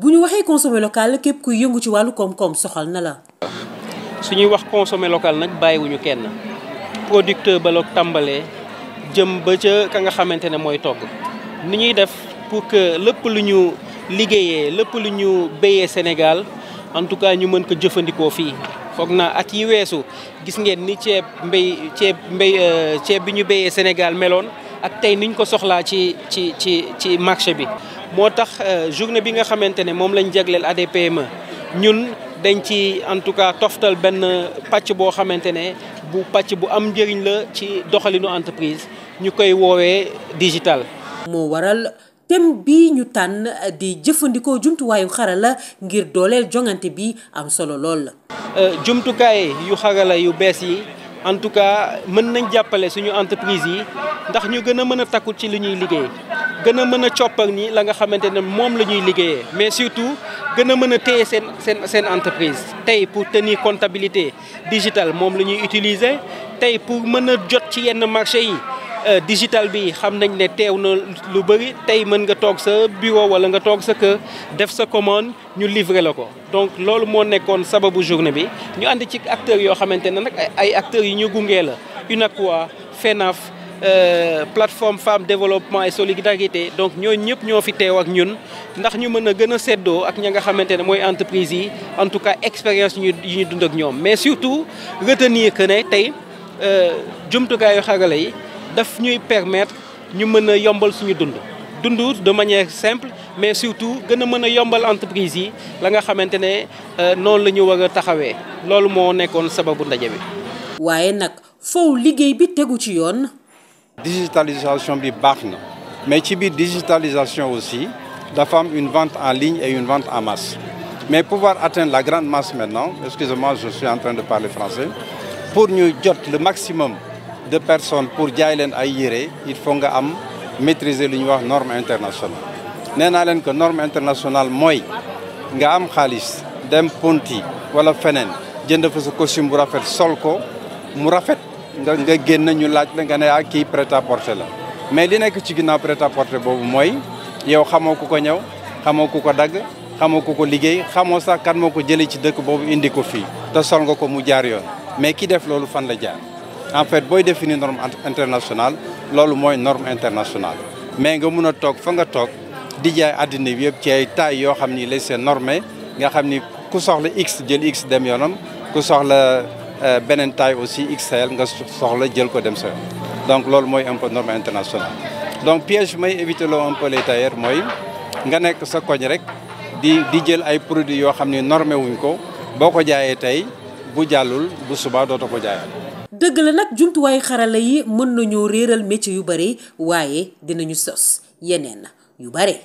bu ñu waxee consommer local képp kuy yëngu ci wàllu koom-koom soxal na la. su ñuy wax consommer local nag bàyyiwuñu kenn producteur ba la tàmbalee jëm ba ca ka nga xamante ne mooy togg ni ñuy def pour que lépp lu ñu liggéeyee lépp lu ñu béyee senegal en tout cas ñu mën ko jëfandikoo fii. foog naa at yi weesu gis ngeen ni ceeb mbéy ceeb mbéy euh, ceeb bi ñu béyee Sénégal meloon ak tey niñ ko soxlaa ci ci ci ci marché bi. moo tax euh, journée bi nga xamante ne moom lañ jagleel ADPME ñun dañ ci en tout cas toftal benn pàcc boo xamante ne bu pàcc bu am njëriñ la ci doxalinu entreprise ñu koy woowee digital. moo waral thème bii ñu tànn euh, di jëfandikoo jumtuwaayu xarala ngir dooleel jongante bi am solo lool. la euh, jumtukaay yu xarala yu bees yi en tout cas mën nañ jàppale suñu entreprise yi ndax ñu gën a mën a takku ci li ñuy liggéey gën a mën a coppar ni la nga xamante ne moom la ñuy liggéeyee mais surtout gën a mën a téye seen seen seen entreprise. tey pour tenir comptabilité digitale moom la ñuy utiliser tey pour mën a jot ci yenn marché yi. Euh, digital bi xam nañ ne teew na lu bëri tey mën nga toog sa bureau wala nga toog sa kër def sa commande ñu livrer la ko donc loolu moo nekkoon sababu journée bi ñu ànd ci acteurs yoo xamante ne nag ay acteurs yi ñu gungee la UNACOIS FENAF euh, plateforme femme développement et solidarité donc ñooñu ñëpp ñoo fi teew ak ñun ndax ñu mën a gën a seddoo ak ña nga xamante ne mooy entreprise yi en tout cas expérience yi ñu dund ak ñoom mais surtout retenir que ne tey euh, jumtukaayu xarala yi daf ñuy permettre ñu mën a yombal suñu dund dund de manière simple mais surtout gën a mën a yombal entreprise yi la nga xamante ne euh, noonu la ñu war a taxawee loolu moo nekkoon sababu ndaje bi. waaye nag foofu liggéey bi tegu ci yoon. digitalisation bi baax na mais ci biir digitalisation aussi dafa am une vente en ligne et une vente en masse mais pouvoir atteindre la grande masse maintenant excusez-moi je suis en train de parler français pour ñu jot le maximum. de personnes pour jaay leen ay yére il faut nga am maîtriser lu ñuy wax norme internationale nee naa leen que norme internationale mooy nga am xaalis dem ponti wala feneen jënd fa sa costume bu rafet sol ko mu rafet nga nga génn ñu laaj la nga ne ah kii prêt à porter la mais li nekk ci ginnaaw prêt à boobu mooy yow xamoo ku ko ñëw xamoo ku ko dagg xamoo ku ko liggéey xamoo sax kan moo ko jëlee ci dëkk boobu indi ko fii te sol nga ko mu jaar yoon mais ki def loolu fan la jaar en fait booy définir norme internationale loolu mooy norme internationale mais nga mun a toog fa nga toog di jaay àddina bi yëpp ci ay taille yoo xam ni lay seen normé nga xam ni ku soxla x jël x dem yoonam ku soxla euh, beneen taille aussi XL nga soxla jël ko dem sa donc loolu mooy un peu norme internationale donc piège may éviter loo un peu mooy nga nekk sa koñ rek di di jël ay produits yoo xam ni normé wuñ ko boo ko jaayee tey bu jàllul bu subaa ko jaayaat dëgg la nag jumtuwaayu xarala yi mën nañoo réeral métier yu bare waaye dinañu sos yeneen yu bare